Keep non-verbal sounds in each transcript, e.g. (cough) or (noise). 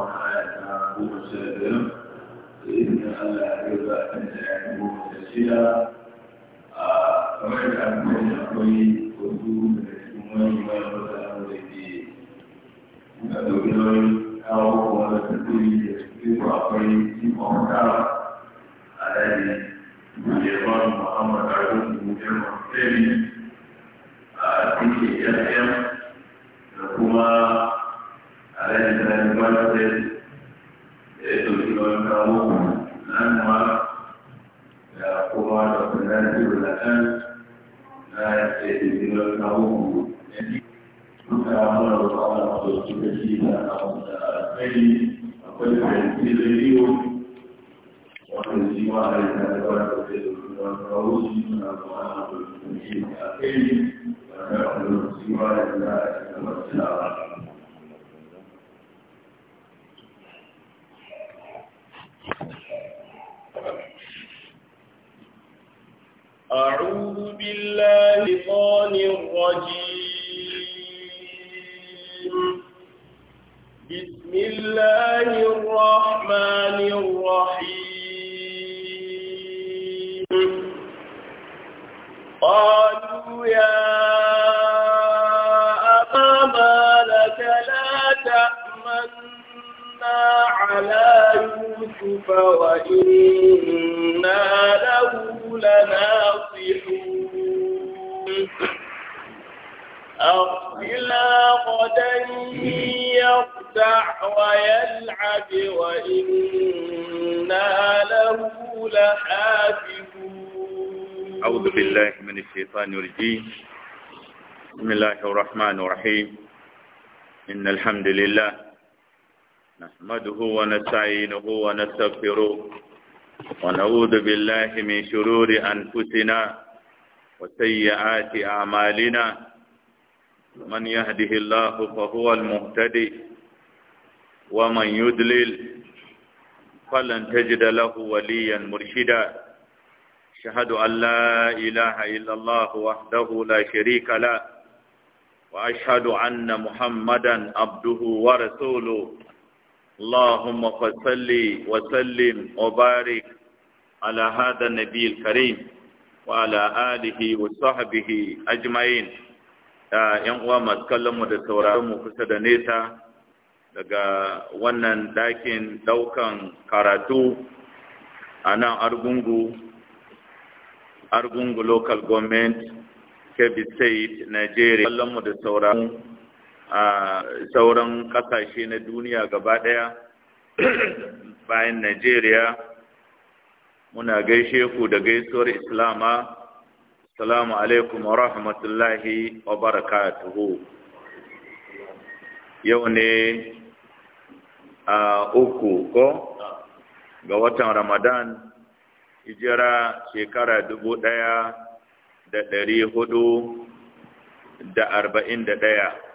وعلى وسلم إن الله يبارك فيكم وسلم لناصحون أرسلا غدا يرتع ويلعب وإنا له لحافظون أعوذ بالله من الشيطان الرجيم بسم الله الرحمن الرحيم إن الحمد لله نحمده ونستعينه ونستغفره ونعوذ بالله من شرور أنفسنا وسيئات أعمالنا من يهده الله فهو المهتدي ومن يدلل فلن تجد له وليا مرشدا أشهد أن لا إله إلا الله وحده لا شريك له وأشهد أن محمدا عبده ورسوله اللهم فصل wa وبارك على هذا النبي الكريم وعلى آله وصحبه أجمعين ‘yan uwa masu mu da sauraronmu kusa da nesa daga wannan dakin ɗaukan karatu a nan argungu argungu local government kebbi state nigeria mu da sauraronmu a sauran kasashe na duniya gaba ɗaya (clears throat) bayan Najeriya muna gaishe ku da gaisuwar Islama Assalamu alaikum wa rahmatullahi wa barakatuhu yau ne a uku ko ga watan Ramadan hijira shekara dubu ɗaya da ɗari hudu da arba'in da ɗaya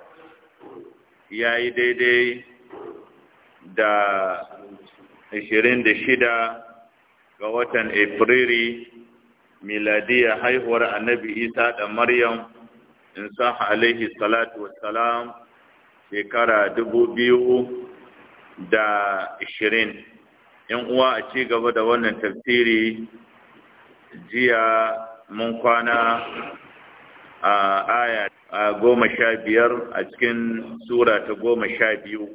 ya yi daidai da 26 ga watan Afriri miladiya haihuwar annabi Isa da Maryam in sa alaihi salatu wassalam shekara 2020 in uwa a ci gaba da wannan tafsiri jiya mun kwana a aya goma sha biyar a cikin sura ta goma sha biyu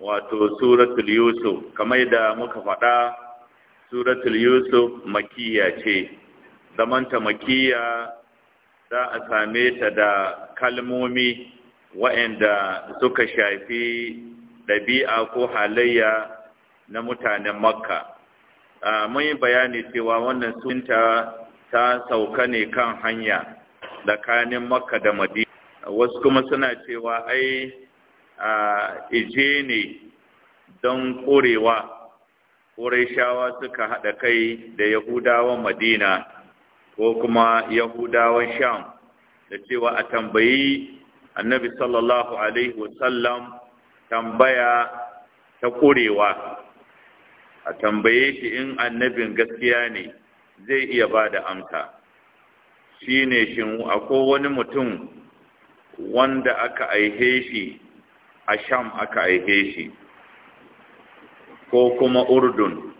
wato suratul yusuf kamar da muka faɗa suratul yusuf makiya ce zamanta makiya za a same ta da kalmomi waɗanda suka shafi ɗabi'a ko halayya na mutanen makka mun yi bayani cewa wannan sunta ta sauka ne kan hanya tsakanin makka da madina wasu kuma suna cewa ai a ije ne don ƙorewa ƙoreshawa suka haɗa kai da yahudawan madina ko kuma yahudawan sham da cewa a tambayi annabi sallallahu alaihi wasallam tambaya ta ƙorewa a tambaye shi in annabin gaskiya ne zai iya ba da amsa shine shin akwai wani mutum wanda aka aihe shi a sham aka aihe shi ko kuma urdun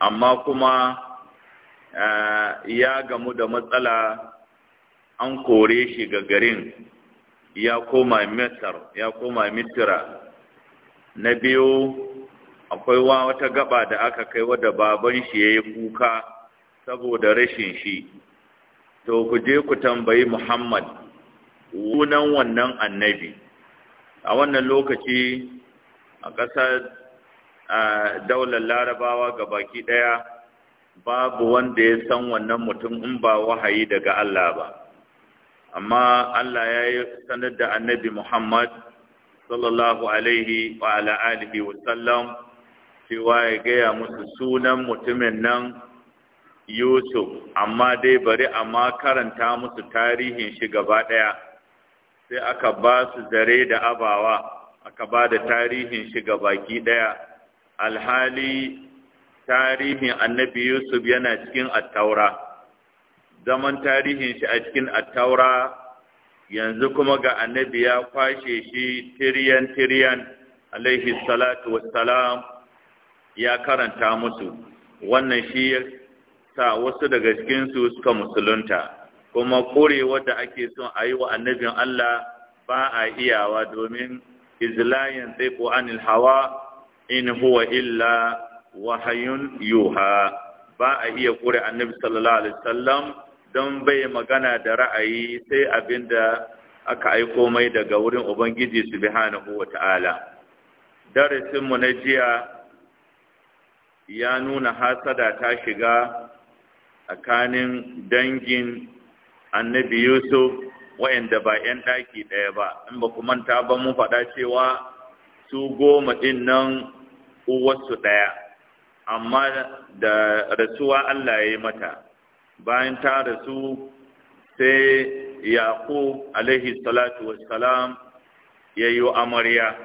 amma kuma eh, ya gamu da matsala an kore shi ga garin ya koma mitar. ya koma mitira na biyu akwai wata gaba da aka kai wadda baban shi ya yi kuka saboda rashin shi to ku je ku tambayi Muhammad sunan wannan annabi a wannan lokaci a ƙasar daular larabawa ga baki ɗaya babu wanda ya san wannan mutum in ba wahayi daga Allah ba amma Allah ya yi sanar da annabi Muhammad sallallahu alaihi wa ala alihi wa sallam cewa ya gaya musu sunan mutumin nan Yusuf, amma dai bari amma karanta musu tarihin shi gaba ɗaya, sai aka ba su zare da abawa, aka ba da tarihin shi baki ɗaya, alhali tarihin annabi Yusuf yana cikin attaura, zaman tarihin shi a cikin attaura yanzu kuma ga annabi ya kwashe shi tiriyan-tiriyan, alaihi salatu wassalam ya karanta musu, wannan shi ta wasu daga cikinsu suka musulunta kuma korewar da ake son a yi wa annabin Allah ba a iyawa domin izlayin sai anil hawa in huwa illa wahayun yuha ba a iya kure annabi sallallahu alaihi wasallam don bai magana da ra'ayi sai abinda aka aiko mai daga wurin ubangiji subhanahu wata'ala darasin mu na jiya ya nuna hasada ta shiga tsakanin dangin annabi Yusuf wayanda ba 'yan ɗaki ɗaya ba in ba manta ba mun faɗa cewa su goma ɗin nan uwarsu ɗaya amma da rasuwa Allah ya yi mata bayan ta rasu sai Yaqub alaihi salatu wassalam ya yi amarya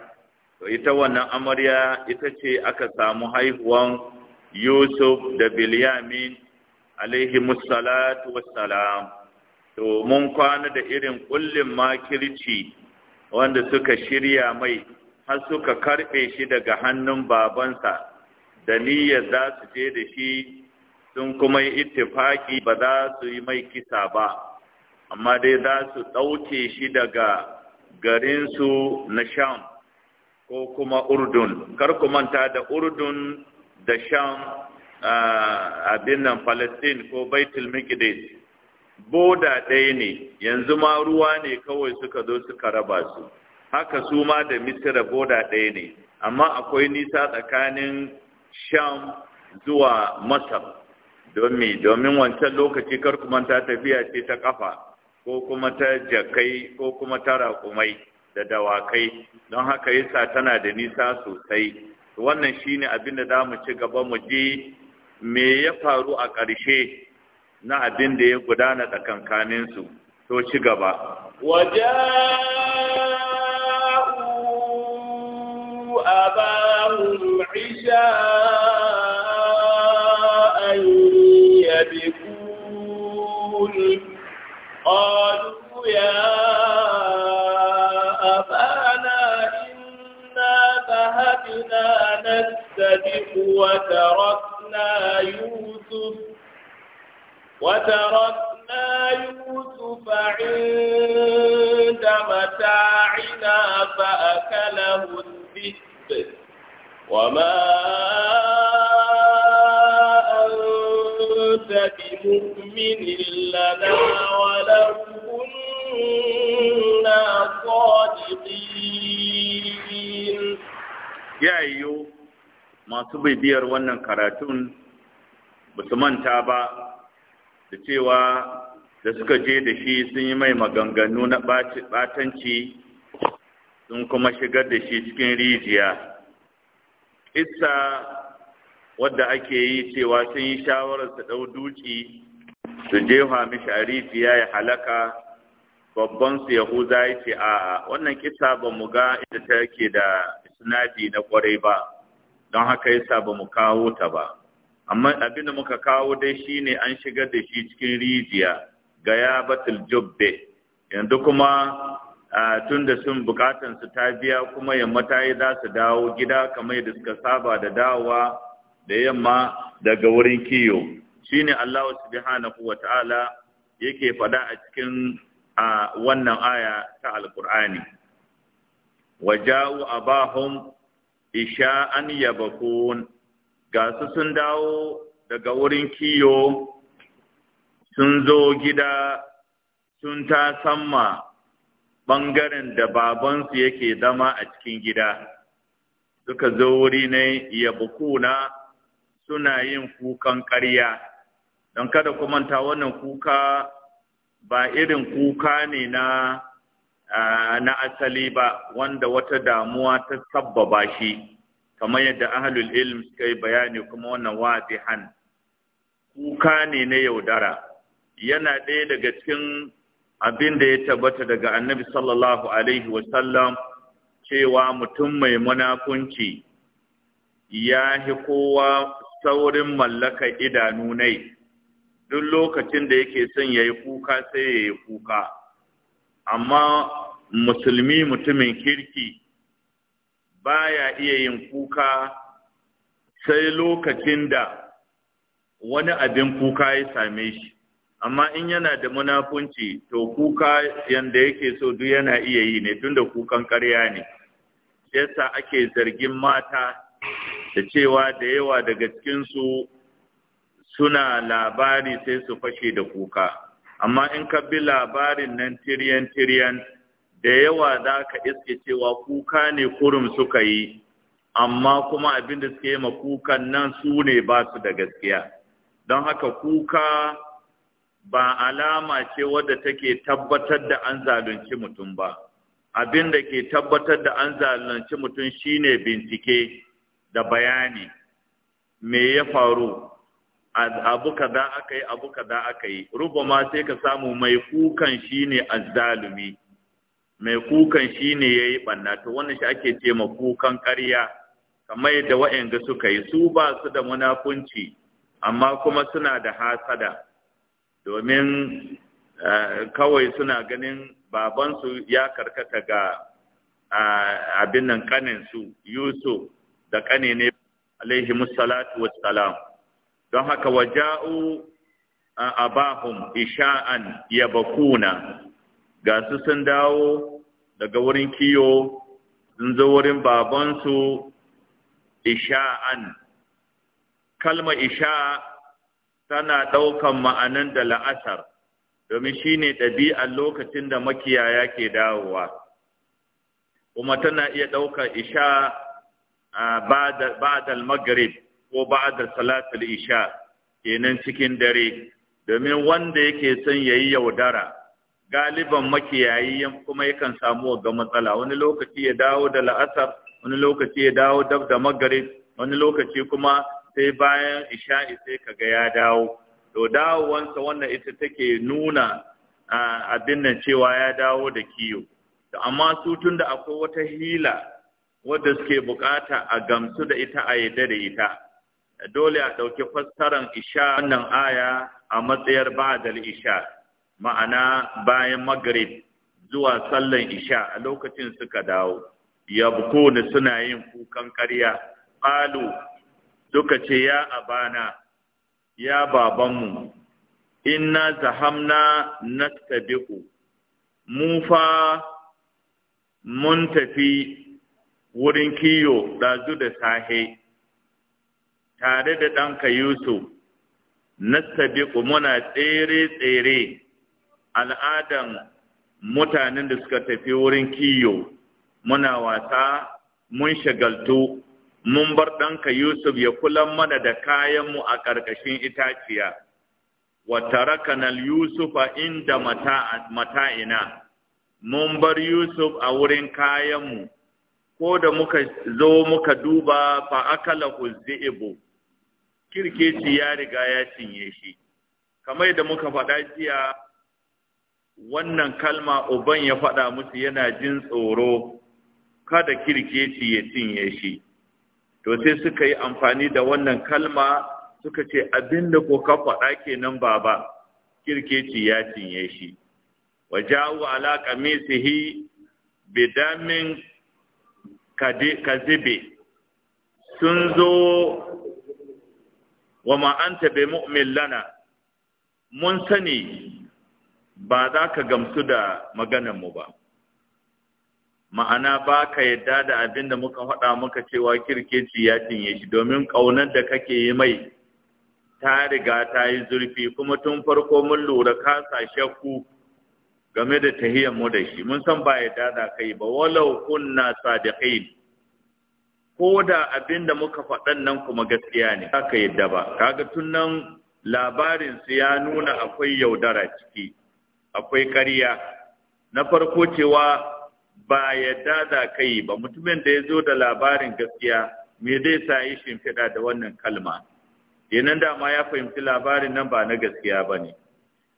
ita wannan amarya ita ce aka samu haihuwan yusuf da bilyamin alaihi musallatu wassalam to mun kwana da irin kullin makirci wanda suka shirya mai har suka karɓe shi daga hannun babansa da niyyar za su je da shi sun kuma yi ittifaki ba za su yi mai kisa ba amma dai za su ɗauke shi daga garinsu na sham ko kuma urdun kar ku manta da urdun da sham abin nan Palestine ko Baitul Maqdis boda ɗaya ne yanzu ma ruwa ne kawai suka zo suka raba su haka su ma da Misira boda ɗaya ne amma akwai nisa tsakanin Sham zuwa Masar domin domin wancan lokaci kar kuma ta tafiya ce ta kafa ko kuma ta jakai ko kuma ta raƙumai da dawakai don haka yasa tana da nisa sosai wannan shine abin da za mu ci gaba mu je me ya faru a ƙarshe na abin da ya gudana tsakankaninsu to ci gaba A abahum isha'an yabkun qalu ya أبانا إنا ذهبنا نستبق وتركنا يوسف وتركنا يوسف عند متاعنا فأكله الذئب وما أنت بمؤمن لنا ولو كنا صادقين يا أيوب masu bibiyar wannan karatun ba su manta ba da cewa da suka je da shi sun yi mai maganganu na batanci sun kuma shigar da shi cikin rijiya isa wadda ake yi cewa sun yi shawarar su ɗau duki su jefa mishi a rijiya ya halaka babban su yahuza ya ce a'a wannan kisa ba mu ga inda take da sinadi na ƙwarai ba don haka yasa ba mu kawo ta ba amma abin da muka kawo dai shine an shigar da shi cikin rijiya ga ya batul jubbe yanzu kuma tun da sun bukatan su ta biya kuma yamma ta yi za su dawo gida kamar yadda suka saba da dawowa da yamma daga wurin kiyo shine Allah subhanahu wa ta'ala yake faɗa a cikin wannan aya ta alkur'ani waja'u abahum isha'an yabakun ga su sun dawo daga wurin kiyo sun zo gida sun ta samma ɓangaren da babansu yake zama a cikin gida suka zo wuri ne yabakuna suna yin kukan ƙarya don kada ku manta wannan kuka ba irin kuka ne na na asali ba wanda wata damuwa ta sabbaba shi kamar yadda ahlul ilm suka yi bayani kuma wannan wadihan kuka ne na yaudara yana ɗaya daga cikin abin da ya tabbata daga annabi sallallahu alaihi wasallam cewa mutum mai munafunci ya fi kowa saurin mallaka idanu nai duk lokacin da yake son ya yi kuka sai ya yi kuka amma musulmi mutumin kirki baya iya yin kuka sai lokacin da wani abin kuka ya same shi amma in yana da munafunci to kuka yanda yake so duk yana iya yi ne tunda kukan ƙarya ne yasa ake zargin mata da cewa da yawa daga cikinsu suna labari sai su fashe da kuka amma in ka bi labarin nan tiriyan tiriyan da yawa za ka iske cewa kuka ne kurum suka yi amma kuma abin da suke ma kukan nan su ne ba su da gaskiya don haka kuka ba alama ce wadda take tabbatar da an zalunci mutum ba abin da ke tabbatar da an zalunci mutum shine bincike da bayani me ya faru abu kaza aka yi abu kaza aka yi ma sai ka samu mai kukan shine azzalumi mai kukan shine yayi banna to wannan shi ake ce ma kukan ƙarya kamar yadda wa'anga suka yi su ba su da munafunci amma kuma suna da hasada domin eh, kawai suna ganin babansu ya karkata ga eh, abin nan kaninsu yusuf da ƙane ne alaihi musallatu wassalam don haka waja'u a abahum isha'an ya bakuna ga su sun dawo daga wurin kiyo sun zo wurin babansu isha'an kalma Isha'a tana ɗaukan ma'anan da la'asar domin shi ne ɗabi'ar lokacin da makiyaya ke dawowa kuma tana iya ɗaukar isha a badal magrib ko ba'da salatul isha kenan cikin dare domin wanda yake son yayi yaudara galiban makiyayi kuma yakan samu ga matsala wani lokaci ya dawo da la'asar wani lokaci ya dawo dab da magarib wani lokaci kuma sai bayan isha'i sai kaga ya dawo to dawowansa wannan ita take nuna abin nan cewa ya dawo da kiyo amma su tun da akwai wata hila wadda suke bukata a gamsu da ita a yadda da ita dole a ɗauki fassaran isha wannan aya a matsayar ba'dal isha ma'ana bayan magrib zuwa sallan isha a lokacin suka dawo yabkuna suna yin kukan ƙarya qalu suka ce ya abana ya babanmu inna zahamna nastabiqu mu fa mun tafi wurin kiyo ɗazu da sahe tare da ɗanka Yusuf, na nastabiqu muna tsere-tsere al'adan mutanen da suka tafi wurin kiyo, muna wasa, mun shagaltu, mun bar ɗanka Yusuf ya kulan mana da kayanmu a ƙarƙashin itaciya. Wata Yusuf, a inda mata'ina, mun bar Yusuf a wurin kayanmu, ko da muka zo muka duba fa ku huzzi'ibu. kirkeci ya riga ya cinye shi kamar da muka faɗa jiya wannan kalma uban ya faɗa musu yana jin tsoro kada kirkeci ya cinye shi to sai suka yi amfani da wannan kalma suka ce abinda ko ka faɗa kenan baba kirkeci ya cinye shi wajawu ala qamisihi bidamin kazibe sun zo wa ma anta bi mu'min lana mun sani ba za ka gamsu da maganan mu ba ma'ana ba ka yadda da abin da muka faɗa maka cewa kirkeci ya cinye shi domin ƙaunar da kake yi mai ta riga ta yi zurfi kuma tun farko mun lura ka sa shakku game da tahiyyar mu da shi mun san ba yadda da kai ba walau kunna sadiqin ko da abin da muka faɗan nan kuma gaskiya ne aka yadda ba kaga tun nan labarin su ya nuna akwai yaudara ciki akwai ƙarya na farko cewa ba yadda za ka ba mutumin da ya zo da labarin gaskiya me zai sa yi shimfiɗa da wannan kalma da dama ya fahimci labarin nan ba na gaskiya ba ne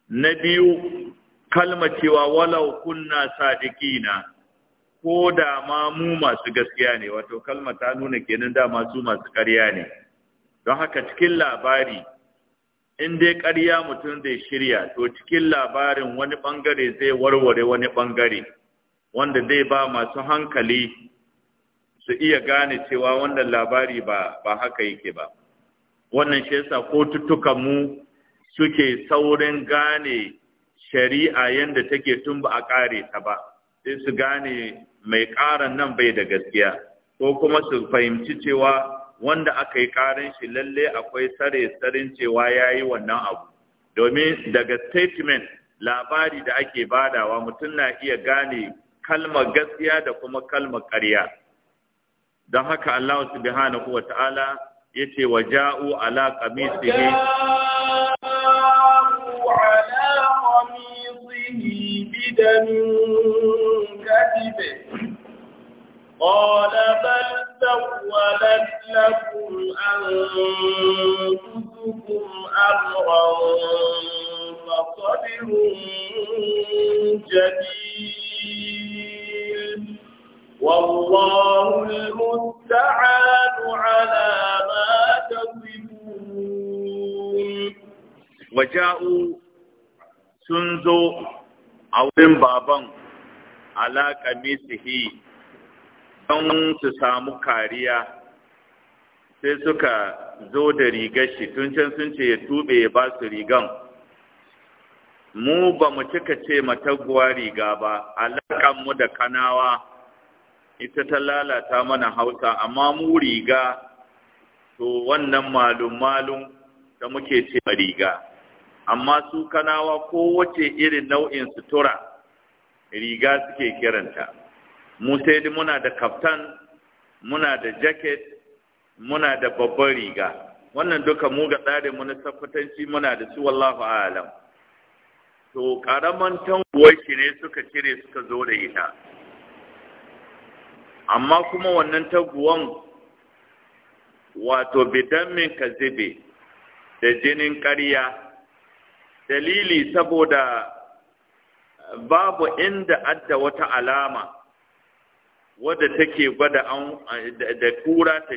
na biyu kalma cewa walau kunna na ko da ma mu masu gaskiya ne wato kalma ta nuna kenan da masu masu ƙarya ne don haka cikin labari in dai ƙarya mutum zai shirya to cikin labarin wani ɓangare zai warware wani ɓangare wanda zai ba masu hankali su iya gane cewa wannan labari ba ba haka yake ba wannan shi yasa kotuttukan mu suke saurin gane shari'a yadda take tun ba a ƙare ta ba sai su gane mai ƙaran nan bai da gaskiya ko kuma su fahimci cewa wanda aka yi ƙarin shi lalle akwai sare sarin cewa ya yi wannan abu domin daga statement labari da ake badawa mutum na iya gane kalmar gaskiya da kuma kalmar ƙarya don haka Allah subhanahu wa ta'ala ya ce wa ja'u ala qamisihi بدم قال بل سولت لكم أنفسكم أمرا فصبر جميل والله المستعان على ما تصفون وجاءوا سنزو أولين بابا على قميصه don su samu kariya sai suka zo da rigar shi tun can sun ce ya tube ya ba su rigan mu ba mu cika ce mataguwa riga ba mu da kanawa ita ta lalata mana hausa amma mu riga to wannan malum-malum da muke ce riga amma su kanawa kowace irin nau'in sutura riga suke kiranta mu sai muna da kaftan muna da jacket muna da babban riga wannan duka mu ga tsarin mu na tabbatanci muna da su wallahu alam to karaman tanguwar shi ne suka cire suka zo da ita amma kuma wannan taguwan wato min kazibe da jinin ƙarya dalili saboda babu inda adda wata alama wadda take gwada an da kura ta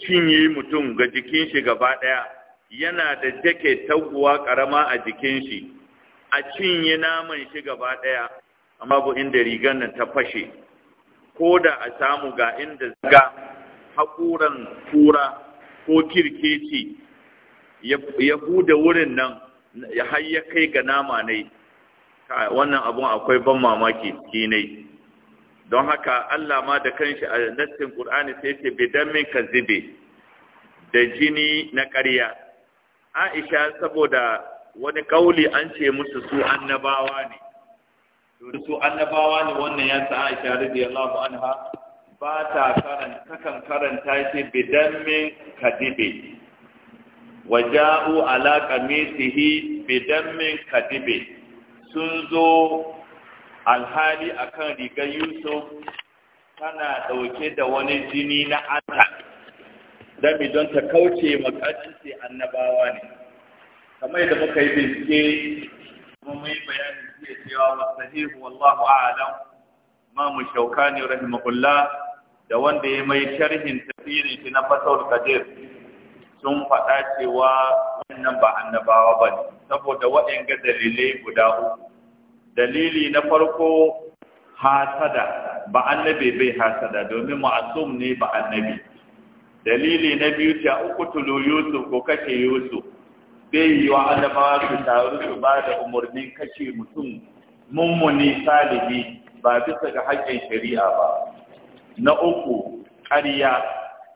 cinye mutum ga jikin shi gaba ɗaya yana da jake taguwa karama a jikin shi a cinye naman shi gaba ɗaya amma bu inda rigan nan ta fashe ko da a samu ga inda zaga haƙuran kura ko kirkeci ya huda wurin nan har ya kai ga nama ne wannan abun akwai ban mamaki ki ne don haka Allah ma da kanshi a nassin Qur'ani sai ce bidamin kazibe da jini na ƙarya Aisha saboda wani kauli an ce musu su annabawa ne to su annabawa ne wannan ya sa Aisha radiyallahu anha ba ta karanta kan karanta shi bidamin kadibe waja'u ala qamisihi bidamin kazibe sun zo alhali a kan rigar yusuf tana ɗauke da wani jini na allah dami don ta kauce makasance annabawa ne kamar yadda muka yi bincike kuma mai bayanin bayani jiya cewa masahihu wallahu a'lam mamu shaukani rahimahullah da wanda ya mai sharhin tafiri shi na fasar kadir sun faɗa cewa wannan ba annabawa ba ne saboda waɗanga dalilai guda uku dalili na farko hasada ba annabi bai hasada domin ma'asum ne ba annabi dalili na biyu ta uku tulu yusuf ko kashe yusuf bai yi wa annabawa su taru su ba da umarnin kashe mutum mummuni salibi ba bisa ga haƙƙin shari'a ba na uku ƙarya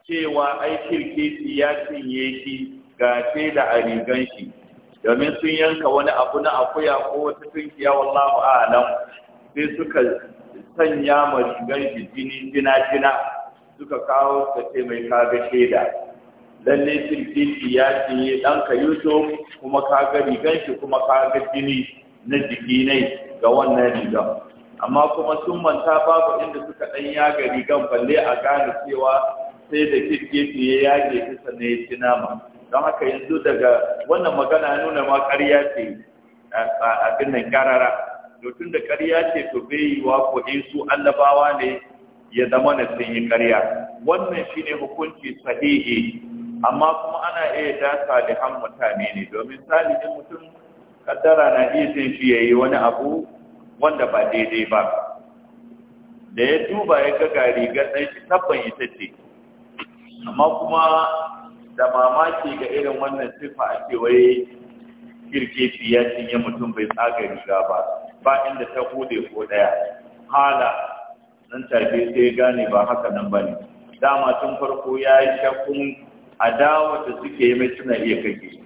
cewa aikin kirkisi ya cinye shi ga da a rigan shi domin sun yanka wani abu na akuya ko wata tunkiya wallahu a'lam sai suka sanya ma rigar jini jina jina suka kawo ka ce mai kaga shaida lalle sirkiki ya ce ɗanka yusuf kuma kaga rigar shi kuma kaga jini na jiki ne ga wannan rigar amma kuma sun manta babu inda suka ɗan yaga rigar balle a gane cewa sai da kirkiki ya yage ta sannan ya ci nama don haka yanzu daga wannan magana nuna ma ƙarya ce a abin nan ƙarara tun da ƙarya ce to bai yi wa ko in su annabawa ne ya zama na sun yi ƙarya wannan shi ne hukunci sahihi amma kuma ana iya da salihan mutane ne domin salihin mutum kaddara na iya jin shi yayi wani abu wanda ba daidai ba da ya duba ya ga riga ɗan shi tabbayi ta ce amma kuma da mamaki ga irin wannan sifa a ce wai kirkeci ya cinye mutum bai tsaga riga ba ba inda ta hude ko daya hala nan take sai gane ba haka nan bane dama tun farko ya yi shakkun adawa da suke yi mai suna iya kage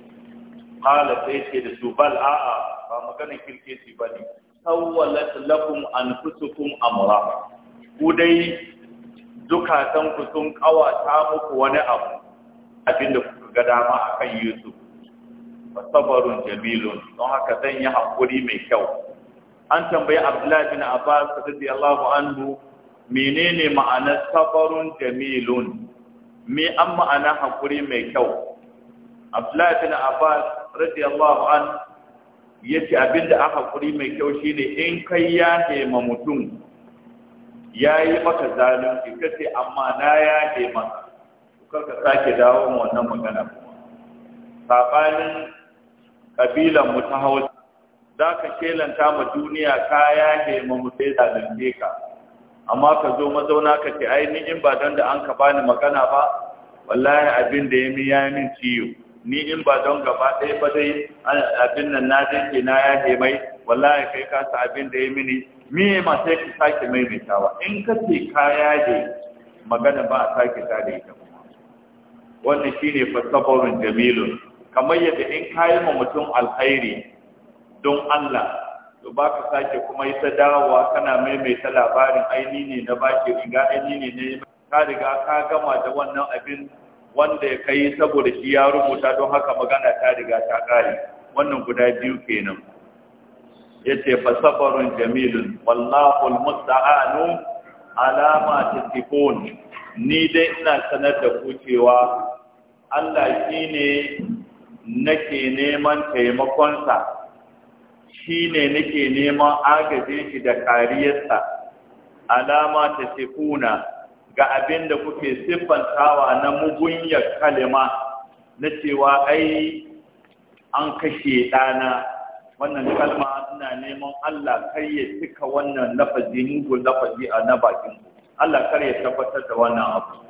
hala sai ce da su bal a'a ba magana kirkeci bane sawwalat lakum anfusukum amra ku dai ku sun kawata muku wani abu abinda kuka ga dama akan Yusuf wa sabarun jamilun don haka zan yi hakuri mai kyau an tambayi Abdullahi bin Abbas radiyallahu anhu menene ma'anar sabarun jamilun me an ma'ana hakuri mai kyau Abdullahi bin Abbas radiyallahu anhu yace abinda aka hakuri mai kyau shine in kai ya nema mutum ya yi maka zalunci kace amma na yahe maka karka sake dawo wannan magana sabanin kabilan mu ta hausa za ka kelanta ma duniya ka ne ma mu sai zalunce ka amma ka zo mazauna ka ce ai ni in ba don da an ka bani magana ba wallahi abin da ya mi ya min ciwo ni in ba don gaba ɗaya ba dai abin nan na dake na ya mai wallahi kai ka sa abin da ya mini me ma sai ka sake maimaitawa in ka ce ka ne magana ba a sake ta da ita wannan shine fasabarun jamilun kamar yadda in kayi ma mutum alkhairi don Allah to baka sake kuma yi ta dawowa kana maimaita labarin aini ne na baki riga aini ne na ka riga ka gama da wannan abin wanda ya kai saboda shi ya rubuta don haka magana ta riga ta kare wannan guda biyu kenan yace fa sabarun jamilun wallahu almusta'anu alama tasifun ni dai ina sanar da ku cewa Allah shi ne nake neman taimakonsa shi ne nake neman agaje shi da kariyarsa alama ta sifuna ga abin da kuke siffantawa na mugunyar kalima na cewa ai an kashe ɗana wannan kalma ina neman Allah kar ya cika wannan lafazi mugun lafazi a na bakin Allah kar ya tabbatar da wannan abu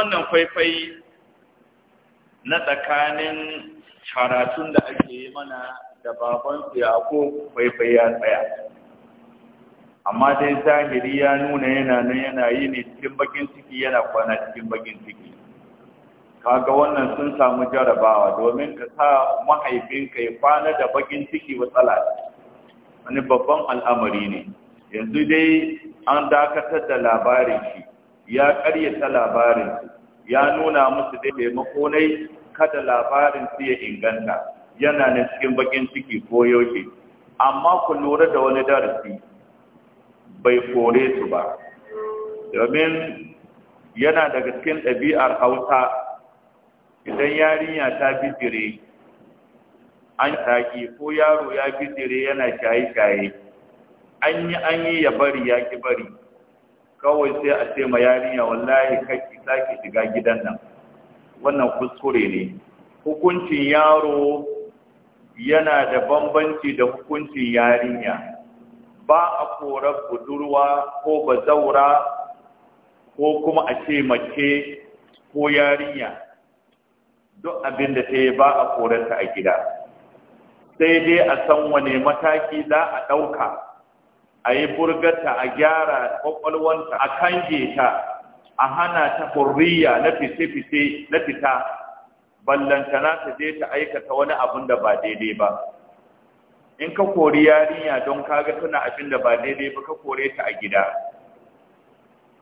wannan kwaifai na tsakanin karatun da ake yi mana da babansu ya ko kwaifai ya tsaya amma dai zahiri ya nuna yana nan yana yi ne cikin bakin ciki yana kwana cikin bakin ciki kaga wannan sun samu jarabawa domin ka sa mahaifinka ya kwana da bakin ciki matsala wani babban al'amari ne yanzu dai an dakatar da labarin shi ya karyata labarin ya nuna musu da taimako nai kada labarin su ya inganta yana na cikin bakin ciki ko yaushe amma ku lura da wani darasi bai kore su ba domin yana daga cikin ɗabi'ar hausa idan yarinya ta bijire an taƙi ko yaro ya bijire yana shaye-shaye an yi an yi ya bari ya ki bari kawai sai a ce ma yarinya wallahi kaki sake shiga gidan nan wannan kuskure ne hukuncin yaro yana da bambanci da hukuncin yarinya ba a korar budurwa ko bazaura ko kuma a ce mace ko yarinya duk abin da sai ba a korarta a gida sai dai a san wane mataki za a ɗauka a yi burgarta, a gyara kwakwalwanta a kange ta a hana ta hurriya na fice-fice na fita ballantana ta je ta aikata wani abin da ba daidai ba in ka kori yarinya don kaga tana abin da ba daidai ba ka kore ta a gida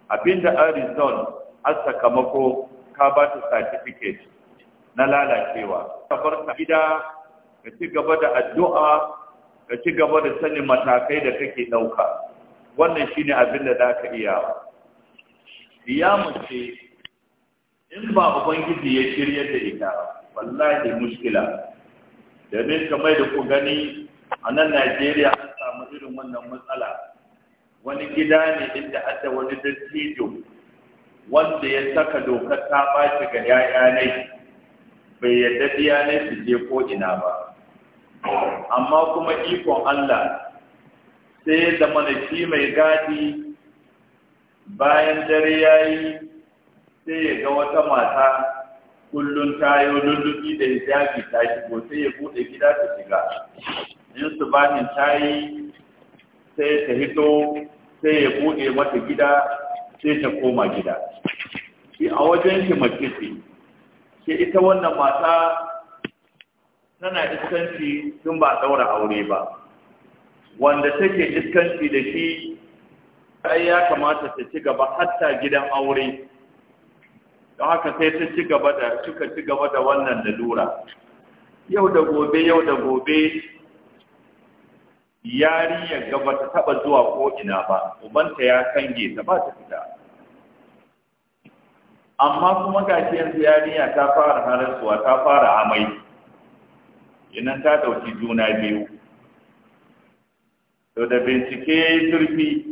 abin da an a sakamako ka ba ta certificate na lalacewa ta bar ta gida ka ci gaba da addu'a ka ci gaba da sanin matakai da kake ɗauka wannan shine abin da zaka ka iya ya mace in ba ubangiji ya shirya da ita wallahi mushkila ne kamar da ku gani a nan najeriya an samu irin wannan matsala wani gida ne inda hadda wani dattijo wanda ya saka dokar ta ɓaci ga 'ya'yanai bai yadda ne su je ko ina ba amma kuma ikon Allah sai da shi mai gadi bayan dare ya yi sai ya ga wata mata kullum ta yi lullubi da hijabi ta shigo sai ya bude gida ta shiga in su ta yi sai ta hito sai ya bude mata gida sai ta koma gida shi a wajen shi mace ce ita wannan mata tana iskanci tun ba ɗaura aure ba wanda take iskanci da shi ai ya kamata ta ci gaba hatta gidan aure don haka sai ta ci gaba da suka ci gaba da wannan lalura yau da gobe yau da gobe yarinyar gaba ta taba zuwa ko ina ba ubanta ya kange ta ba ta fita amma kuma gashi yanzu yarinya ta fara harasuwa ta fara amai idan ta ɗauki juna biyu to da bincike ya yi turfi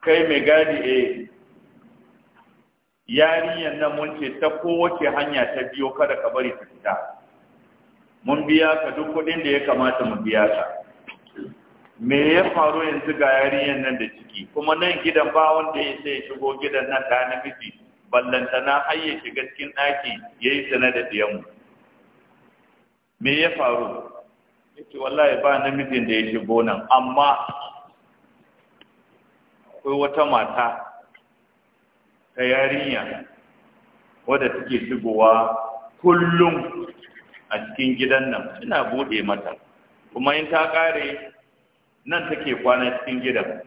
kai mai gadi a eh, yarinyar nan mun ce ta kowace hanya ta biyo kada ka bari ta fita mun biya ka duk kuɗin da ya kamata mu biya ka me ya faru yanzu ga yarinyar nan da ciki kuma nan gidan ba wanda ya sai shigo gidan nan da namiji ballantana har ya shiga cikin ɗaki ya yi sanar da mu me ya faru yace wallahi ba namijin da ya shigo nan amma akwai wata mata ta yarinya wadda take shigowa kullum a cikin gidan nan ina bude mata kuma in ta kare nan take kwana cikin gidan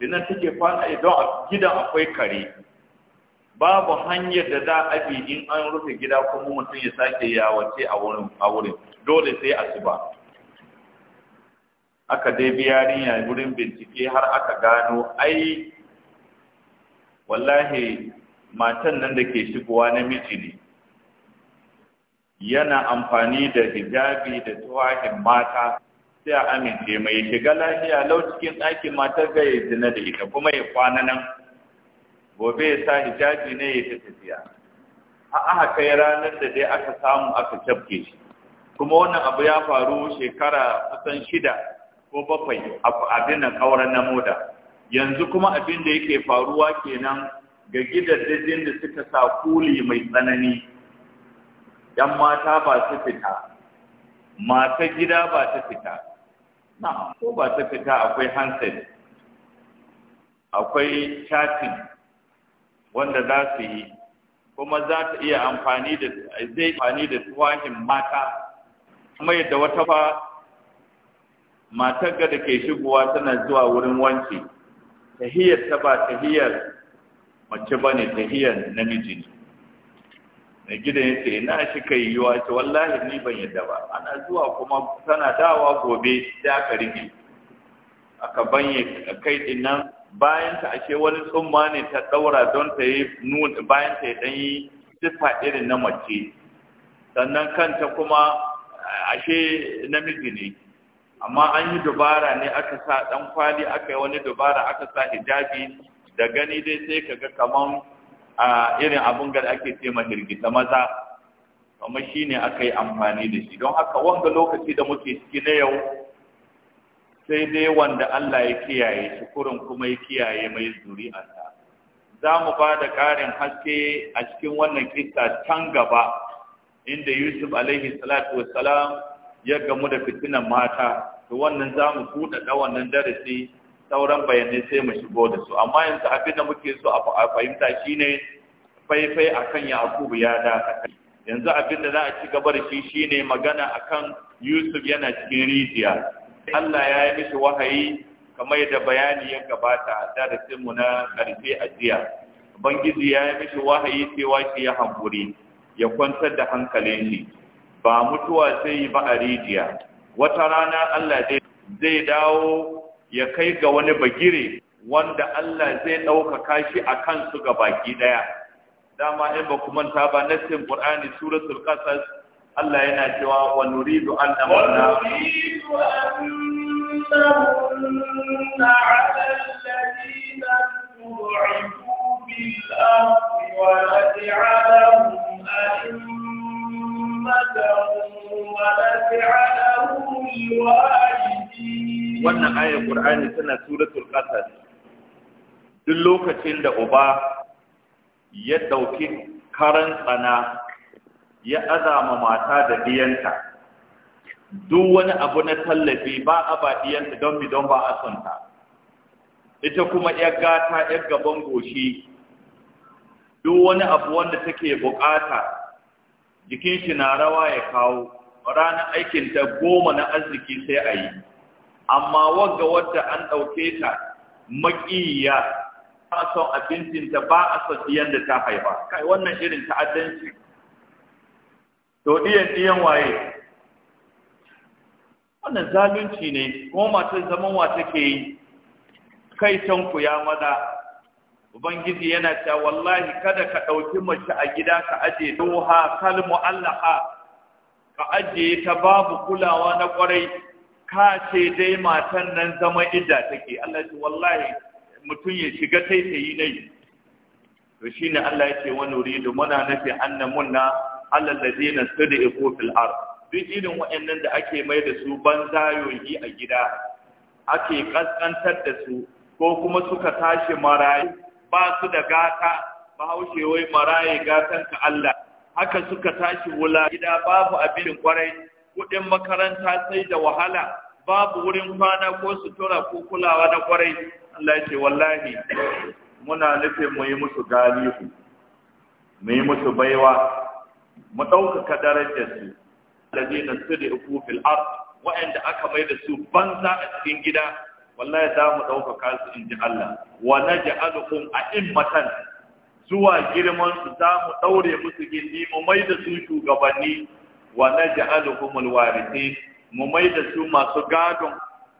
nan take kwana idan gidan akwai kare babu hanyar da za a bi in an rufe gida kuma mutum ya sake yawace a wurin a wurin dole sai asuba aka dai bi yarinya wurin bincike har aka gano ai wallahi matan nan da ke shigowa na miji ne yana amfani da hijabi da tuwahin mata sai a amince mai shiga lafiya lau cikin ɗakin matar ga ya zina da ita kuma ya kwana nan gobe ya sa hijabi ne ya ta tafiya a aka kai ranar da dai aka samu aka tafke shi kuma wannan abu ya faru shekara kusan shida ko bakwai abin nan kauran na moda yanzu kuma abin da yake faruwa kenan ga gidajen da suka sa kuli mai tsanani yan mata ba su fita mata gida ba ta fita na ko ba ta fita akwai handset akwai chatting wanda za su yi kuma za ta iya amfani da zai amfani da tuwahin mata kuma yadda wata ba matar ga da ke shigowa tana zuwa wurin wanki tahiyar ta ba tahiyar mace ba ne tahiyar namiji ne na gidan ce, ina shi yi yiwa ce wallahi ni ban yadda ba ana zuwa kuma tana dawa gobe da aka rige aka banye kai din bayan ta ashe wani tsumma ne ta daura don ta yi nun bayan ta dan yi sifa irin na mace sannan kanta kuma ashe namiji ne amma an yi dubara ne aka sa dan kwali aka yi wani dubara aka sa hijabi da gani dai sai kaga kaman a irin abun da ake ce ma hirgita maza kuma shine aka yi amfani da shi don haka wanga lokaci da muke ciki na yau sai dai wanda Allah ya kiyaye shi kurin kuma ya kiyaye mai zuri'arsa za mu ba da ƙarin haske a cikin wannan kisa can gaba inda Yusuf alaihi salatu wassalam ya gamu da fitinan mata to wannan za mu da wannan darasi sauran bayanai sai mu shigo da su amma yanzu abin da muke so a fahimta shine faifai akan Yakubu ya dakata yanzu abin da za a ci gaba da shi shine magana akan Yusuf yana cikin rijiya Allah ya yi mishi wahayi kamar da bayani ya gabata a darasin mu na karfe a jiya ubangiji ya yi mishi wahayi cewa shi ya hankuri ya kwantar da hankalin shi ba mutuwa sai ba a rijiya wata rana Allah zai dawo ya kai ga wani bagire wanda Allah zai ɗaukaka shi a kansu ga baki ɗaya dama in ba kuma ta ba nassin Qur'ani suratul Qasas Allah yana cewa wa nuridu an namunna على الذين استضعفوا في الأرض ونجعلهم أئمة ونجعلهم الوارثين wannan ayar Qur'ani tana suratul Qasas duk lokacin da uba ya ɗauki karan tsana ya azama mata da diyanta duk wani abu na tallafi ba a ba diyanta don bi don ba a sonta. ita kuma ya gata ya gaban goshi duk wani abu wanda take bukata jikin shi na rawa ya kawo ranar aikinta goma na arziki sai a yi amma wagga wadda an ɗauke ta maƙiya ba a son abincinta ba a son diyan ta haifa kai wannan irin ta'addanci to iya diyan waye wannan zalunci ne kuma matar zaman wa take yi kai tanku ya maza ubangiji yana ta wallahi kada ka ɗauki mace a gida ka aje doha kal mu'allaha ka aje ta babu kulawa na kwarai ka ce dai matan nan zama idda take Allah ya ce wallahi mutum ya shiga taitayi dai. to shine Allah ya ce wuri da muna annamun na. alal ladina sudiqu fil ard duk irin wa'annan da ake mai da su banzayoyi a gida ake kaskantar da su ko kuma suka tashi marayi ba su da gata bahaushe wai maraye gatan ka Allah haka suka tashi wula gida babu abin kwarai kudin makaranta sai da wahala babu wurin kwana ko sutura ko kulawa na kwarai Allah ce wallahi muna nufin mu yi musu galihu mu yi musu baiwa mu ɗaukaka darajar su alladina da ikofil ard wa'anda aka mai da su banza a cikin gida wallahi za mu ɗaukaka su in ji Allah wa naj'alukum a'immatan zuwa girman su za mu ɗaure musu gindi mu mai da su shugabanni wa naj'alukum alwarithin mu mai da su masu gadon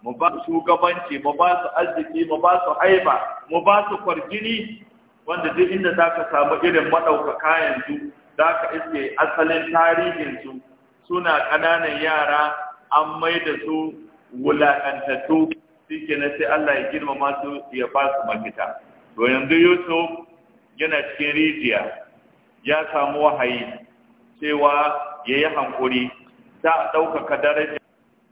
mu ba su shugabanci mu ba su arziki mu ba su haiba mu ba su kwargini. wanda duk inda za ka samu irin maɗaukaka yanzu za ka iske asalin tarihinsu suna ƙananan yara an mai da su wulaƙantattu suke na sai Allah ya girmama su ya ba su mafita to yanzu Yusuf yana cikin rijiya ya samu wahayi cewa ya yi hankuri za a ɗaukaka daraja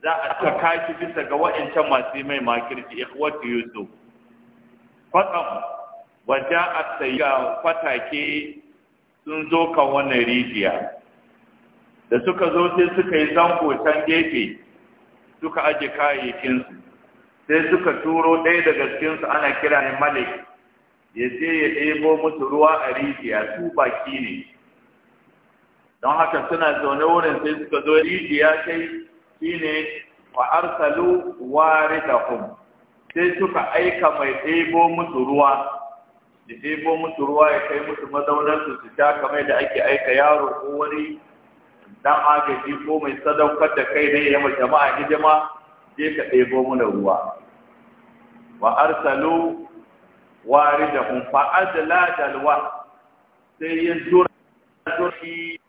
za a ɗaukaka kashi bisa ga wa'ancan masu mai makirci ikhwatu Yusuf fatsam wajen a fatake sun zo kan wannan rijiya da suka zo sai suka yi zanko can gefe suka aje kayayyakinsu sai suka turo ɗaya daga cikinsu ana kira ne malik ya je ya ɗebo musu ruwa a rijiya su baki ne don haka suna zaune wurin sai suka zo rijiya kai shine wa arsalu waridahum sai suka aika mai ɗebo musu ruwa da ɗebo musu ruwa ya kai musu mazaunar su sha kamar da ake aika yaro ko wani dan agaji ko mai sadaukar da kai ne ya jama'a hidima je ka ɗebo mana ruwa wa arsalu da fa adla ladalwa sai ya tura turki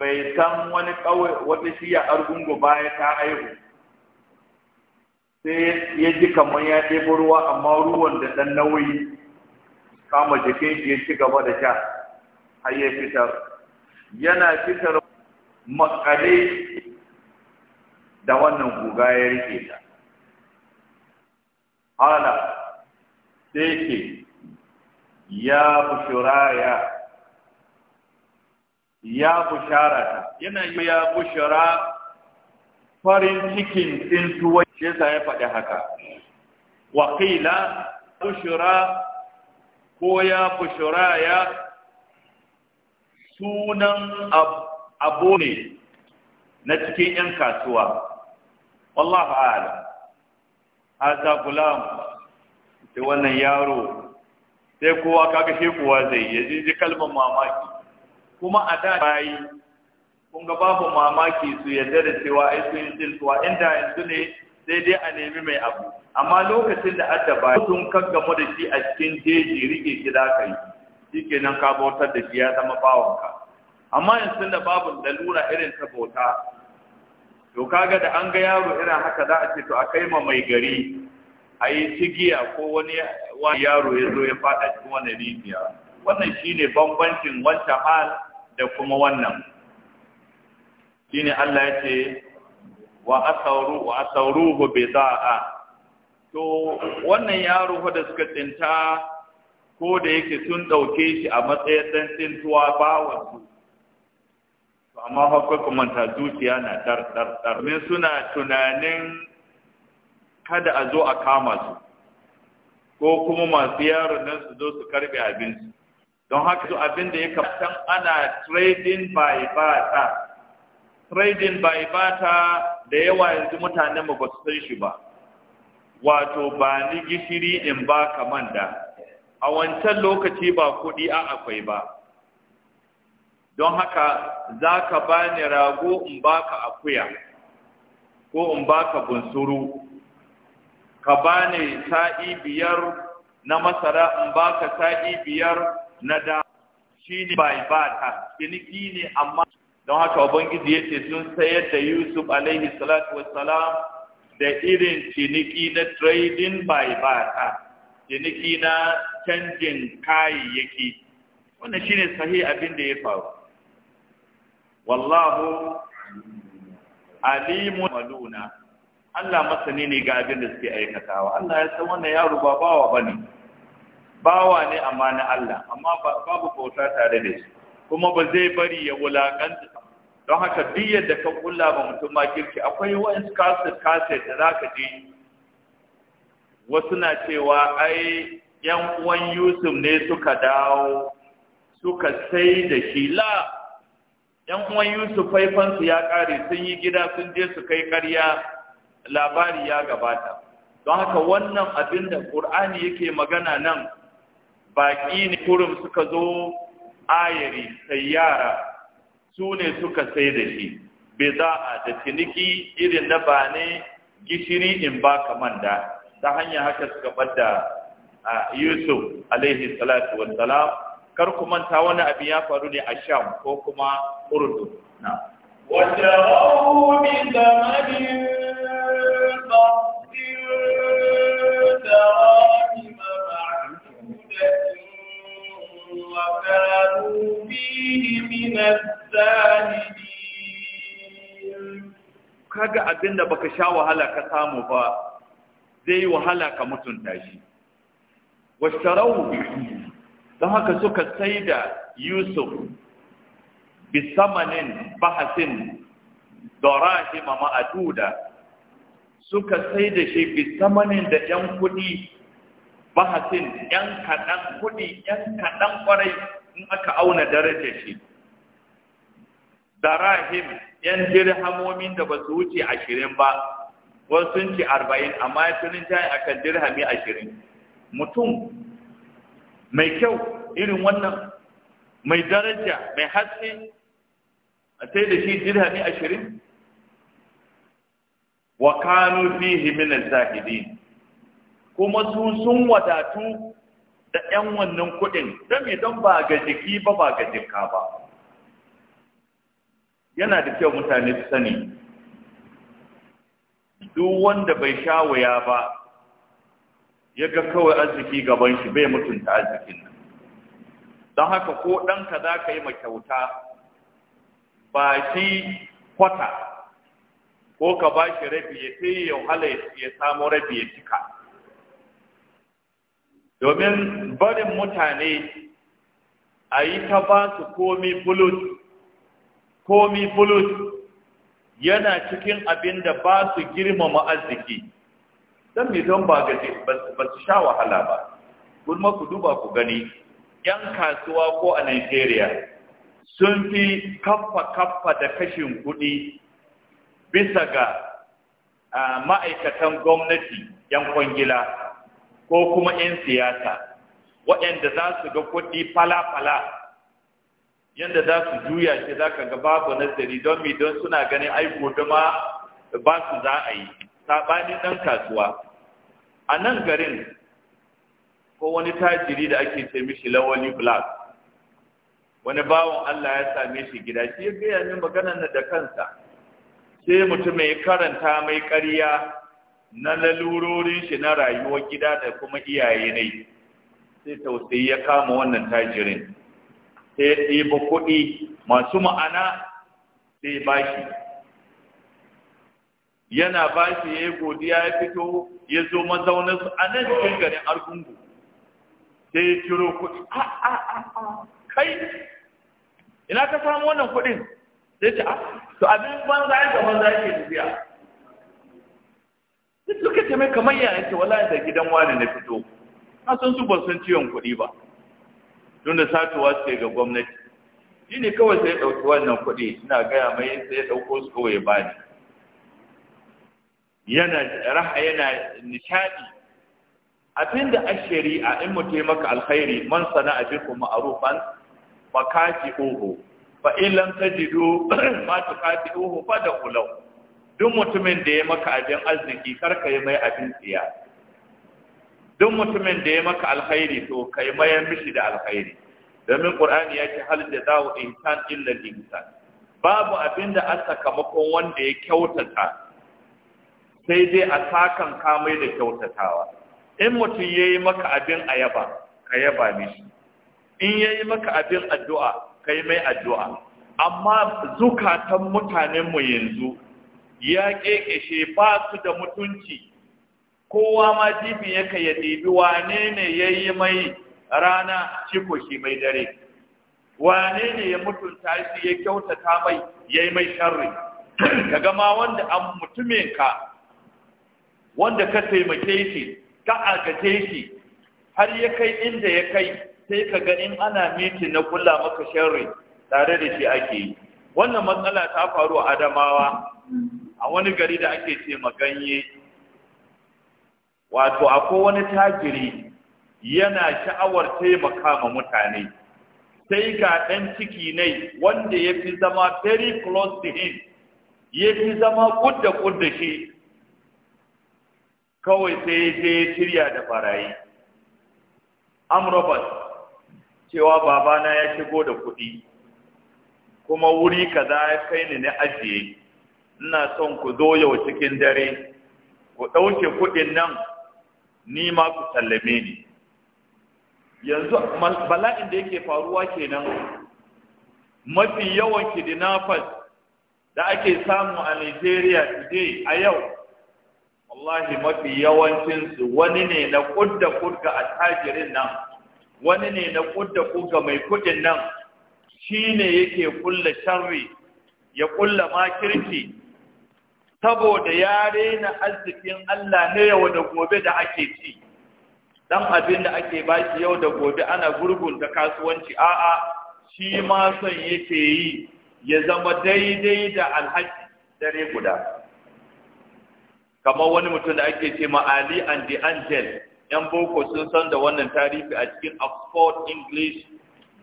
bai san wani kawai wata shiya argungu baya ta aihu sai ya ji kamar ya ɗebo ruwa amma ruwan da ɗan nauyi kama jikin shi ya ci gaba da sha har ya fitar yana fitar makale da wannan guga ya rike ta ala sai ke ya bushuraya ya bushara yana yi ya bushara farin cikin tsintuwa shi yasa ya faɗi haka wakila bushura ko ya bushuraya sunan abu ne na cikin 'yan kasuwa wallahu ala haza gulam sai wannan yaro sai kowa kaga shi kowa zai ya ji kalmar mamaki kuma a da bayi kun ga babu mamaki su yadda da cewa ai sun yi silkuwa inda yanzu ne sai dai a nemi mai abu amma lokacin da adda ba sun kan gamu da shi a cikin jeji rike gida ka yi shi kenan ka bautar da shi ya zama bawanka amma yanzu da babu lalura irin ta bauta to kaga da an ga yaro irin haka za a ce to a kai ma mai gari a yi cigiya ko wani yaro ya zo ya faɗa cikin wannan rijiya wannan shine bambancin wancan hal da kuma wannan shine Allah ya ce wa asauru wa asauruhu to wannan yaro fa da suka tsinta ko da yake sun ɗauke shi a matsayin ɗan tsintuwa bawansu to amma fa kuka manta zuciya na dar dar dar min suna tunanin kada a zo a kama su ko kuma masu yaro nan su zo su karbe abinci don haka su abin da ya kaftan ana trading by barter trading by barter da yawa yanzu mutanen mu ba su san shi ba wato ba ni gishiri in ba ka da? a wancan lokaci ba kuɗi a akwai ba don haka za ka ba ni rago in ba ka akuya ko in ba ka bunsuru ka ba ni sa'i biyar na masara in ba ka sa'i biyar na da shi ne bai ba ta ciniki ne amma don haka ubangiji ya ce sun sayar da yusuf alaihi salatu wassalam da irin ciniki na trading by barter ciniki na canjin kayayyaki wannan shine sahi abin da ya faru wallahu alimu maluna Allah masani ne ga abin da suke aikatawa Allah ya san wannan yaro ba bawa bane bawa ne amma na Allah amma babu bauta tare da shi kuma ba zai bari ya wulakanta don haka duk da ka kulla ba mutum ma kirki akwai wa'insu kasir kaset da za ka je. wasu na cewa ai yan uwan yusuf ne suka dawo suka sai da shi la yan uwan yusuf faifansu ya kare sun yi gida sun je su kai karya labari ya gabata don haka wannan abin da ƙur'ani yake magana nan baƙi ne kurum suka zo ayari sai yara su ne suka sai da shi bida'a da ciniki irin na ba ne gishiri in ba ka manda ta hanyar haka suka bada a Yusuf alaihi salatu salam kar ku manta wani abin ya faru ne a Sham ko kuma urdu na وشروه وكانوا فيه من الزاهدين kaga abin da baka sha wahala ka samu ba zai yi wahala ka mutunta shi washarau don haka suka sai da yusuf bisamanin bahasin dorahima ma'aduda suka sai da shi bisamanin da 'yan kuɗi bahasin yan kaɗan kuɗi yan kaɗan ƙwarai in aka auna daraja shi darahim yan dirhamomin da ba su wuce ashirin ba wasu sun ce arba'in amma ya tunin jayin akan dirhami ashirin mutum mai kyau irin wannan mai daraja mai haske a sai da shi dirhami ashirin wa kanu fihi min zahidin kuma su sun wadatu da 'yan wannan kuɗin don idan ba ga jiki ba ba ga jika ba yana da kyau mutane su sani duk wanda bai sha ba ya ga kawai arziki gaban shi bai mutunta arzikin nan don haka ko ɗanka za ka yi makyauta ba shi kwata ko ka ba shi rabi ya sai ya wahala ya samu rabi ya cika domin barin mutane a yi ta ba su komi bulut komi bulut yana cikin abin da ba su girmama arziki don mai don ba gaje ba su sha wahala ba gulma ku duba ku gani yan kasuwa ko a nigeria sun fi kaffa-kaffa da kashin kuɗi bisa ga ma'aikatan gwamnati yan kwangila ko kuma 'yan siyasa waɗanda za su ga kuɗi fala-fala yadda za su juya shi za ka ga babu nazari don mi don suna ganin aiko dama ba su za a yi saɓanin ɗan kasuwa a nan garin ko wani tajiri da ake ce mishi lawali black wani bawan Allah ya same shi gida shi ya gaya min maganar da kansa sai mutum ya karanta mai ƙarya na lalurorin shi na rayuwar gida da kuma iyaye ne sai tausayi ya kama wannan tajirin sai ya ɗiba kuɗi masu ma'ana sai bashi yana bashi ya yi godiya ya fito ya zo mazaunin su a nan cikin garin argungu sai ya ciro kuɗi a a a kai ina ka samu wannan kuɗin sai ta ah, to abin banza ya ga banza ke tafiya ce mai kamar ya yake wala da gidan wani na fito a san su ba san ciwon kuɗi ba tun da satuwa su ga gwamnati shi ne kawai sai ya ɗauki wannan kuɗi ina gaya mai sai ya ɗauko su kawai ba ni yana raha yana nishaɗi abinda a shari'a in mu taimaka alkhairi man sana a bikum ma'rufan fa kati oho, fa in lam tajidu (clears throat) ma tukati fa da kulau duk mutumin da ya maka abin arziki kar ka yi mai abin tsiya duk mutumin da ya maka alkhairi to ka yi mai mishi da alkhairi domin qur'ani ya ce hal jazaa'u insan illa al-ihsan babu abin da a sakamakon wanda ya kyautata sai dai a sakan kamai da kyautatawa in mutum ya yi maka abin a ka yaba mishi in ya yi maka abin addu'a ka yi mai addu'a amma zukatan mutanenmu yanzu ya ƙeƙeshe ba su da mutunci kowa ma jibi yaka ya ɗibi wane ne ya yi mai rana shi shi mai dare wane ne ya mutunta shi ya kyautata mai ya yi mai sharri (clears throat) ka gama wanda an mutumin ka wanda ka taimake shi ka agace shi har ya kai inda ya kai sai ka ga in ana miti na kula maka sharri tare da shi ake yi wannan matsala ta faru a adamawa a wani gari da ake ce maganye wato akwai wani tajiri yana sha'awar taimaka ma mutane sai ga ɗan ciki ne wanda ya fi zama very close to him ya fi zama kudda kudda shi kawai sai ya je ya shirya da barayi am robert cewa babana ya shigo da kuɗi kuma wuri kaza ya kai ni na ajiye ina son ku zo yau cikin dare ku ɗauke kuɗin nan ni ma ku sallame ni yanzu bala'in da yake faruwa kenan mafi yawan kidnappers da ake samu a Nigeria today a yau wallahi mafi yawancinsu wani ne na kudda kudga tajirin nan wani ne na kudda kudga mai kudin nan shine yake kulla sharri ya kulla makirci saboda ya rena arzikin Allah ne yau da gobe da ake ci dan abin da ake bashi yau da gobe ana da kasuwanci a'a shi ma son yake yi ya zama daidai da alhaji dare guda kamar wani mutum da ake ce Ali and the Angel yan boko sun san da wannan tarihi a cikin Oxford English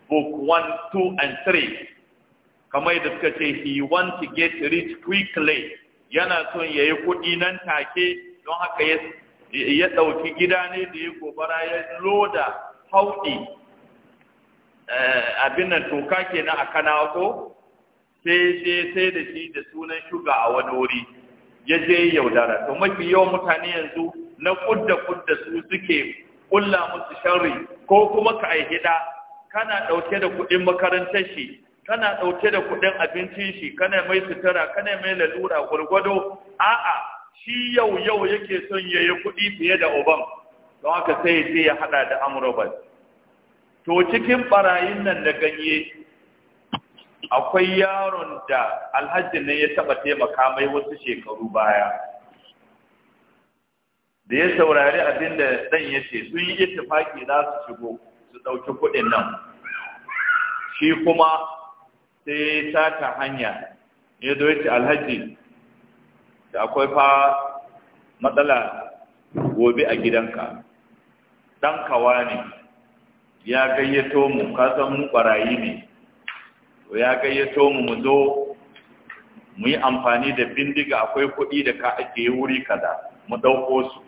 book 1 2 and 3 kamar yadda suka ce he want to get rich quickly yana son ya yi kuɗi nan take don haka ya ɗauki gida ne da ya gobara ya loda hauɗi eh, abin nan toka na a kanawa ko sai je sai da shi da sunan shuga a wani wuri ya je yaudara to mafi yawan mutane yanzu na kudda kudda su suke kulla musu sharri ko kuma ka aihida kana ɗauke da kuɗin makarantar shi kana ɗauke da kuɗin abincin shi kana mai sutura kana mai lalura gwargwado a'a shi yau yau yake son ya yi kuɗi fiye da uban don haka sai ya je ya haɗa da amurabal to cikin barayin nan da ganye akwai yaron da alhaji ne ya taɓa taimaka mai wasu shekaru baya da ya saurari abin da ɗan ya ce sun yi ittifaki za su shigo su ɗauki kuɗin nan shi kuma sai tata hanya ya zo yace alhaji da akwai fa matsala gobe a gidanka dan kawa ne ya gayyato mu ka san mu barayi ne to ya gayyato mu mu zo mu yi amfani da bindiga akwai kuɗi da ka ake wuri kaza mu ɗauko su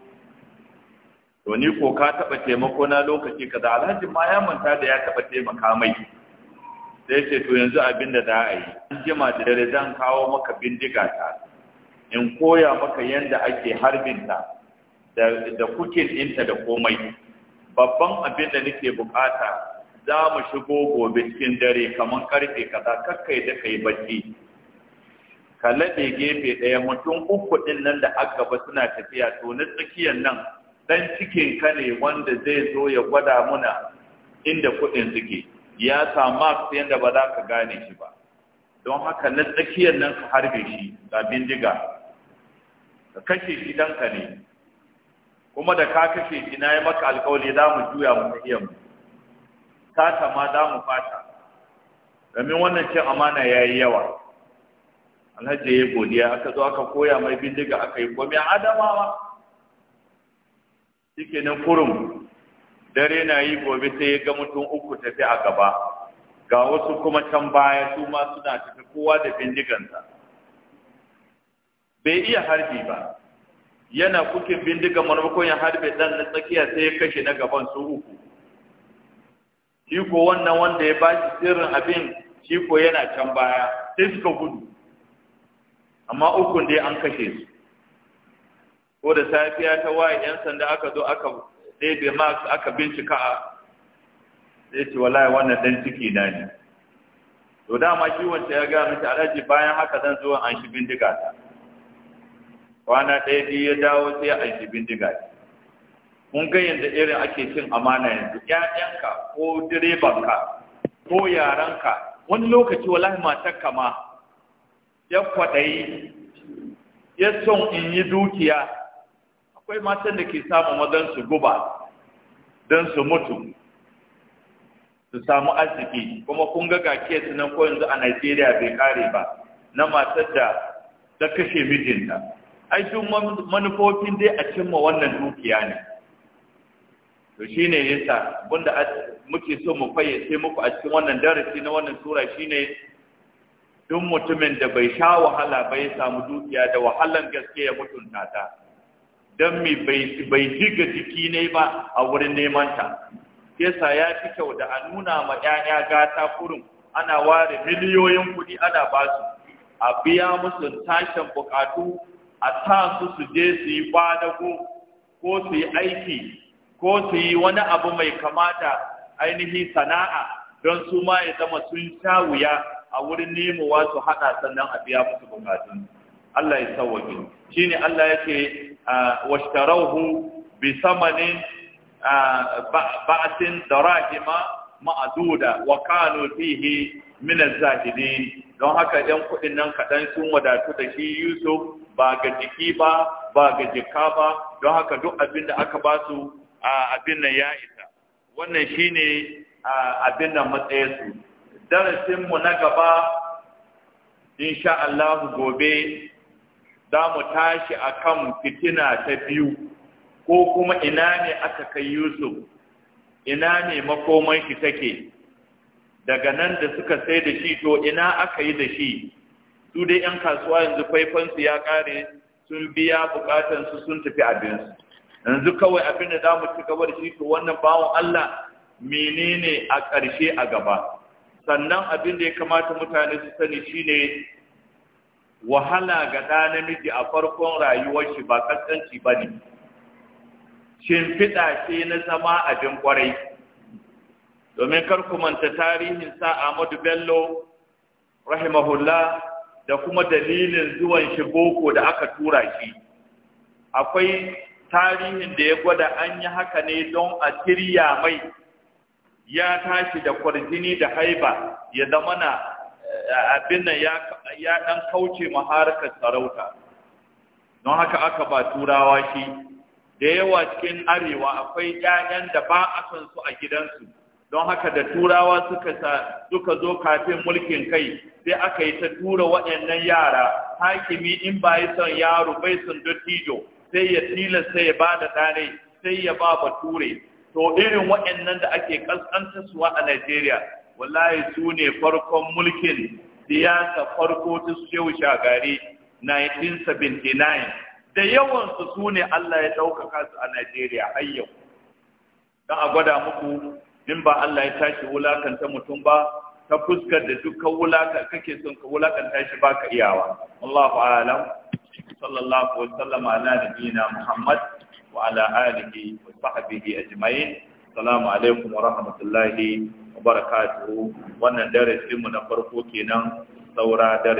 to ni ko ka taɓa taimako na lokaci kaza alhaji ma ya manta da ya taɓa taimaka mai sai ce to yanzu abin da za a yi an jima da dare zan kawo maka bindiga ta in koya maka yadda ake harbin ta da kukin ɗinta da komai babban abin da nake bukata za mu shigo gobe cikin dare kamar karfe kaza kakkai da kai bacci ka laɗe gefe ɗaya mutum uku ɗin nan da aka gaba suna tafiya to na tsakiyar nan ɗan cikin ka ne wanda zai zo ya gwada muna inda kuɗin suke ya sa mark yadda ba za ka gane shi ba don haka na tsakiyar nan ka harbe shi ga bindiga ka kashe shi ka ne kuma da ka kashe shi na yi maka alkawali za mu juya mu iya mu sata ma za mu fata domin wannan cin amana ya yi yawa alhaji ya godiya aka zo aka koya mai bindiga aka yi komai adamawa shike nan kurum dare na yi gobe sai ya ga mutum uku tafi a gaba ga wasu kuma can baya su ma suna tafi kowa da bindigansa bai iya harbi ba yana kukin bindigan maimakon ya harbe dan na tsakiya sai ya kashe na gaban su uku shi ko wannan wanda ya bashi sirrin abin shi ko yana can baya sai suka gudu amma ukun dai an kashe su ko da safiya ta waye yan sanda aka zo aka bai ma aka bincika a zai ce wallahi wannan ɗan ciki na ne to dama kiwonta ya gaya mace alhaji bayan haka zan zo an shi bindiga ta kwana ɗaya biyu ya dawo sai an shi bindiga ta mun ga yadda irin ake cin amana yanzu ƴaƴanka ko direbanka ko yaranka wani lokaci wallahi matarka ma ya kwaɗayi ya son in yi dukiya akwai matan da ke samu mazan su guba don su mutu su samu arziki kuma kun ga ga su nan ko yanzu a Najeriya bai kare ba na matar da ta kashe mijinta ai duk manufofin dai a cimma wannan dukiya ne to shine yasa bunda muke so mu fayyace muku a cikin wannan darasi na wannan sura shine duk mutumin da bai sha wahala ba ya samu dukiya da wahalan gaske ya mutunta ta don mai bai diga jiki ne ba a wurin neman ta yasa ya fi kyau da a nuna ma 'ya'ya gata kurin ana ware miliyoyin kuɗi ana ba su a biya musu tashin bukatu a sa su su je su yi kwadago ko su yi aiki ko su yi wani abu mai kamata ainihi sana'a don su ma ya zama sun sha wuya a wurin nemowa su haɗa sannan a biya musu bukatun Allah ya sauwaƙe shi ne Allah ya واشتروه بثمن بعث دراهم darahima وكانوا فيه من الزاهدين don haka ɗan kuɗin nan kaɗan sun wadatu da shi Yusuf ba ga jiki ba ba ga jika ba don haka duk abin da aka ba su abin nan ya isa wannan shine abin nan matsayinsu darasin mu na gaba insha Allah gobe za mu tashi a kan fitina ta biyu ko kuma ina ne aka kai Yusuf ina ne makomanki take daga nan da suka sai da shi to ina aka yi da shi su dai yan kasuwa yanzu faifansu ya kare sun biya bukatansu sun tafi abinsu yanzu kawai abin da za mu ci gaba da shi to wannan bawon Allah menene a ƙarshe a gaba sannan abin da ya kamata mutane su sani shine wahala ga ɗa namiji a farkon rayuwar shi ba kaskanci ba ne Shin fiɗa ce na zama abin ƙwarai domin kar ku manta tarihin sa Ahmadu Bello rahimahullah da kuma dalilin zuwan shi boko da aka tura shi akwai tarihin da ya gwada an yi haka ne don a shirya mai ya tashi da kwarjini da haiba ya zama na abin nan ya ɗan kauce maharkar sarauta don haka aka ba turawa shi da yawa cikin arewa akwai 'ya'yan da ba a son su a gidansu don haka da turawa suka sa suka zo kafin mulkin kai sai aka yi ta tura waɗannan yara hakimi in ba yi son yaro bai son dattijo sai ya tilasta ya ba da ɗane sai ya ba bature to irin waɗannan da ake ƙasƙantarsuwa a Najeriya wallahi su ne farkon mulkin siyasa farko ta shehu shagari 1979 da yawansu su ne Allah ya ɗaukaka su a Najeriya har yau don a gwada muku in ba Allah ya tashi wulakanta mutum ba ta fuskar da dukkan wulaka kake son ka wulakanta shi ba ka iyawa Allahu alam sallallahu wa sallam. ala nabiyina Muhammad wa ala alihi wa sahbihi ajma'in assalamu alaikum wa rahmatullahi barakatuhu wannan darasinmu na farko kenan saura darasi